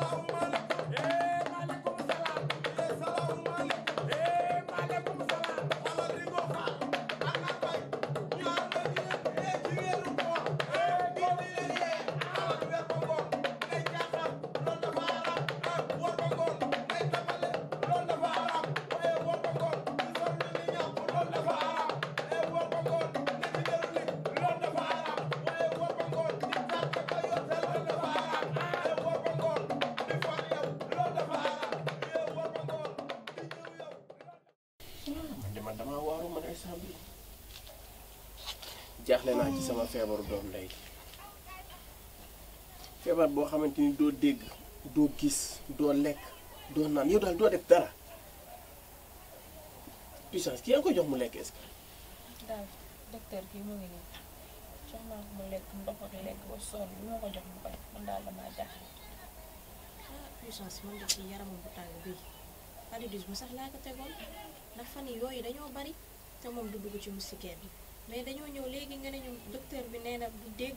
Mama. dama damaa waaru man instant bi jaaxle naa ci sama feebaru doom ndey feebar boo xamante ni doo dégg doo gis doo lekk doo naan yow daal doo def dara puissance ki yaa ngi ko jox mu lekk est daal damaa jaaxle. Ah, puissance man de ci yaramam bu tàng bii. Aliou Diouf sax laa ko tegoon. ndax ni yoy dañu bari te mom du dugg ci musique bi mais dañu ñew legi nga ne ñu docteur bi neena du deg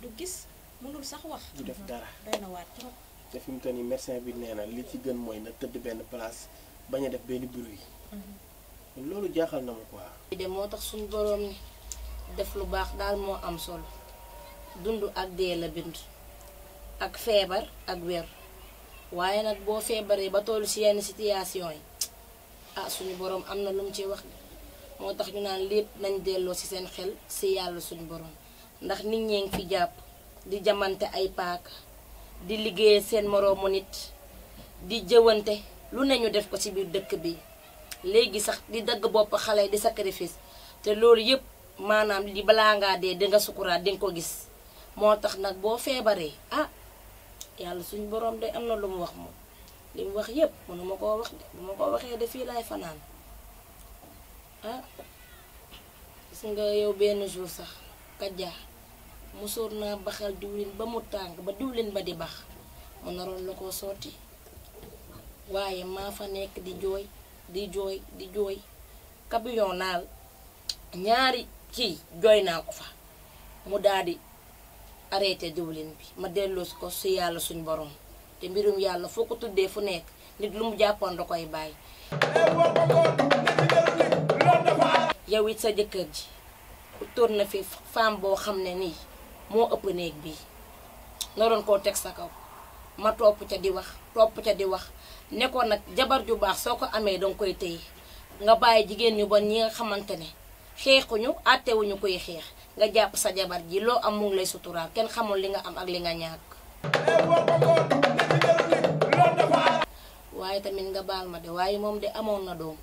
du gis mënul sax wax. du def dara doy wat trop. te fim mu toll médecin bi neena li ci gën moy na teud ben place bañ a def benn bruit. Mhm. lolu jaxal na ma quoi. de moo tax suñu borom ni def lu bax dal mo am solo dundu ak la bind ak feebar ak wér waye nak bo feebaree ba tollu ci yenn situation yi. ah suñu borom am na lum ci wax moo tax ñu naan lépp nañ delloo ci seen xel ci yàlla suñu borom ndax nit ñee ngi fi jàpp di jamante ay paaka di liggéey seen moroomu nit di jëwante lu ne ñu def ko ci biir dëkk bi léegi sax di dagg bopp xale di sacrifice te loolu yëpp maanaam di balaa ngaa dee di nga sukuraat di ko gis moo tax nag boo feebaree ah yàlla suñu borom de am na lu mu wax moom. li wax yépp mënu ma koo wax de bu ma ko waxee de fii laay fanaan ah gis nga yow benn jour sax kajjaa musóor naa baxal diwlin ba mu tàng ba diwlin ba di bax mu naroon la koo sotti waaye maa fa nekk di jooy di jooy di jooy kabiyon naal ñaari kii jooy naa ko fa mu daldi di arrêté diwlin bi ma delloosi ko si yàlla suñ boroom te mbirum yàlla foo ko tuddee fu nekk nit lu mu jàppoon da koy bàyyi. yow it sa jëkkër ji tóor na fi femme boo xam ne nii moo ëpp néeg bii naroon koo teg sa kaw ma topp ca di wax topp ca di wax nekkoon ko nag jabar ju baax soo ko amee danga koy téye nga bàyyi jigéen ñu bon ñi nga xamante ne xeexuñu àttewuñu koy xeex nga jàpp sa jabar ji loo am mu ngi lay suturaal kenn xamul li nga am ak li nga ñàkk waye tamit nga bal ma de waye mom de amon na dom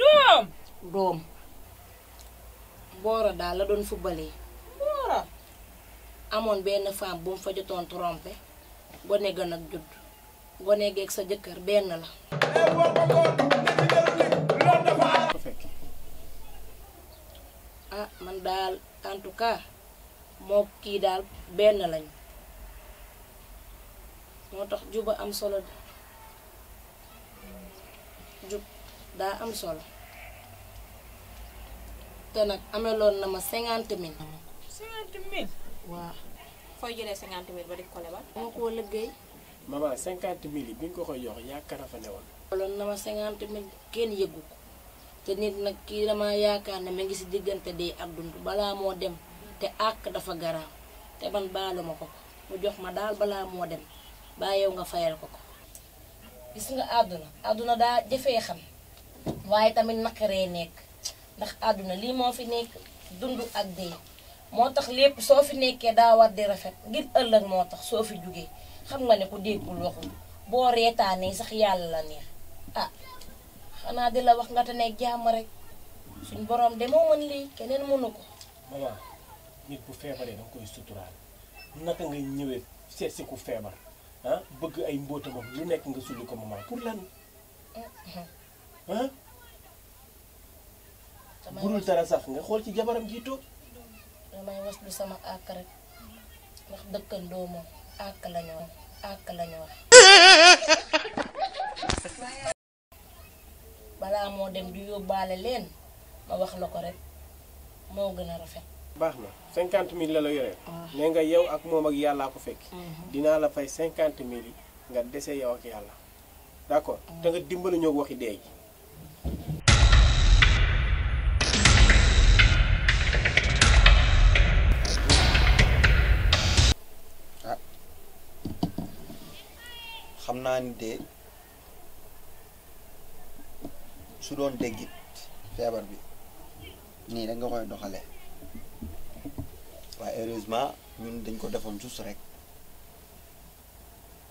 dom dom bora da la don footballé bora amon ben fam bu mu fa joton trompé gone ga nak judd gone geeg sa jëkkeur ben la ah man dal en tout cas moo ki dal ben lañ motax juba am solo daa am sol te nag ameloon na ma cinquante mille. cinquante mille. waaw. ba di ko lebal. dama koo liggéey. maman cinquante mille yi bi nga ko koy jox yaakaar fa ne woon. ameloon na ma cinquante mille kenn yëgu ko te nit nag kii dama yaakaar ne ma ngi si diggante dee ak dund balaa moo dem te àkk dafa garaaw te man baalu ma ko mu jox ma daal balaa moo dem bàyyeew nga fayal ko ko. gis nga àdduna àdduna daa jafee xam. waaye tamit naqaree nekk ndax àdduna lii moo fi nekk dund ak dee moo tax lépp soo fi nekkee daa war di rafet ngir ëllëg moo tax soo fi jógee xam nga ne ku déggul waxul boo reetaanee sax yàlla la neex ah xanaa di la wax nga te nekk jàmm rek suñ boroom de moo mën lii keneen mënu ko. maman nit bu feebaree danga koy suturaal naka ngay ñëwee seet si ku feebar ah bëgg ay mbóotamam lu nekk nga sulli ko maman pour lan. Mm-hmm. ah burul dara sax xool ci jabaram ji sama àkk àkk lañu wax àkk lañu balaa moo dem du yóbbaale leen ma wax la ko rek moo gën a rafet baax na cinquante mille la la yore ah. ne nga yow ak moom ak yàllaa ko fekk mhm. dinaa la fay cinquante mille yi nga dese yow ak yàlla d'accord ah. te nga dimbali ñoo waxi dee ji Ah. xam naa ni de su doon déggit feebar bi nii da nga koy doxale waaye heureusement ñun dañ ko defoon juste rek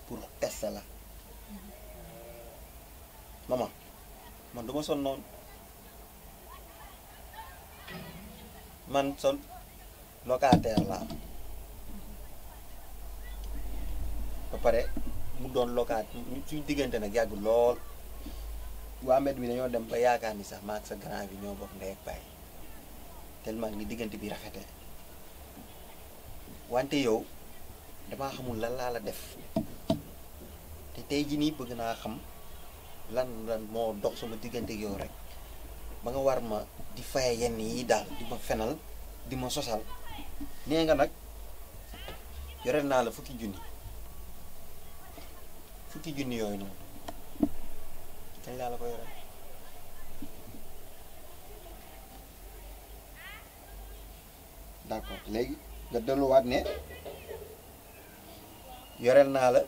pour tester la mm-hmm. maman man du ma sol noonu man sol locataire laa ba pare mu doon locataire suñ diggante nag yàgg lool waa mbedd bi dañoo dem ba yaakaar ni sax maak sa grand bi ñoo bokk ndey ak baay tellement ni diggante bi rafete wante yow damaa xamul lan laa la def te tey jii nii bëgg naa xam. lan lan moo dox sama diggante yow rek ba nga war ma di faye yenn yi daal di ma fenal di ma sosal nee nga nag yore naa la fukki junni fukki junni yooyu noonu kañ laa la ko yore d'accord léegi nga delluwaat ne yoreel naa la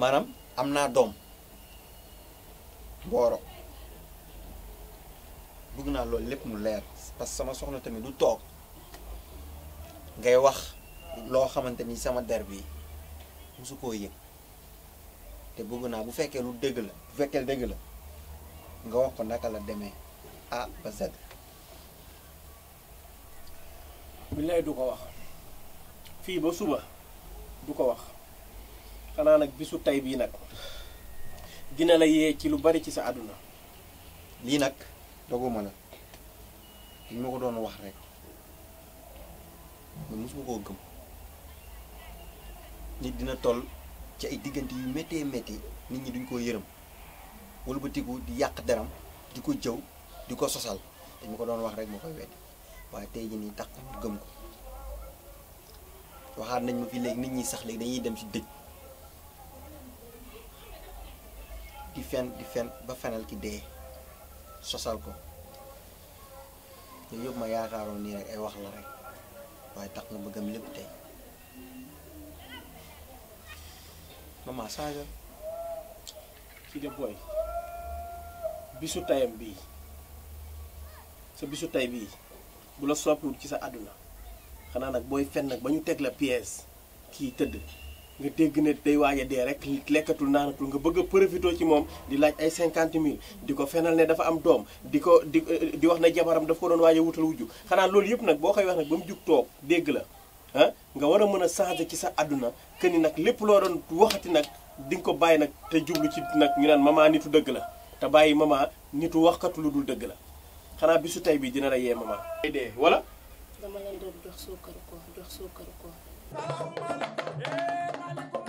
maanaam am naa doom mbooroo bëgg naa loolu lépp mu leer parce que sama soxna tamit du toog ngay wax loo xamante ni sama der bi musu koo yëg te bëgg naa bu fekkee lu dëgg la bu fekkee dëgg la nga wax ko naka la demee A ba Z. billaay du ko wax fii ba suba du ko wax xanaa nag bisu tey bii nag. dina la yee ci lu bari ci sa àdduna lii nag doguma la li ma ko doon wax rek man mosuma koo gëm nit dina toll ci ay diggante yu méttee métti nit ñi duñ ko yërëm walbatiku di yàq deram di ko jëw di ko sosal te ñu ko doon wax rek moo koy weddi waaye tey jii nii tax gëm ko waxaat nañ ma fi léegi nit ñi sax léegi dañuy dem ci dëj di fen di fen ba fenal ki de sosal ko yooyu ma yaakaaroon nii rek ay wax la rek waaye tax nga bëggam lépp tey mama saaga ki de boy bisu tayam bi sa bisu tay bi bu la soppiwul ci sa aduna xanaa nag boy fen nag ba ñu la pièce kii tëdd nga dégg ne day waaj dee rek lekkatul naanatul nga bëgg a profité ci moom di laaj ay cinquante mille di ko fenal ne dafa am doom di ko di eh, di wax na jabaram daf ko doon waaj a wutal wujju xanaa loolu yëpp nag boo koy wax nag ba mu jug toog dégg la ah nga war a mën a changer ci sa àdduna que ni nag lépp loo doon waxati nag di nga ko bàyyi nag te jublu ci nag ñu naan maman nitu dëgg la te bàyyi maman nitu waxkatu lu dul dëgg la xanaa bisu tey bi dina la yee maman. day dee wala. dama leen doon jox salaamaaleykum.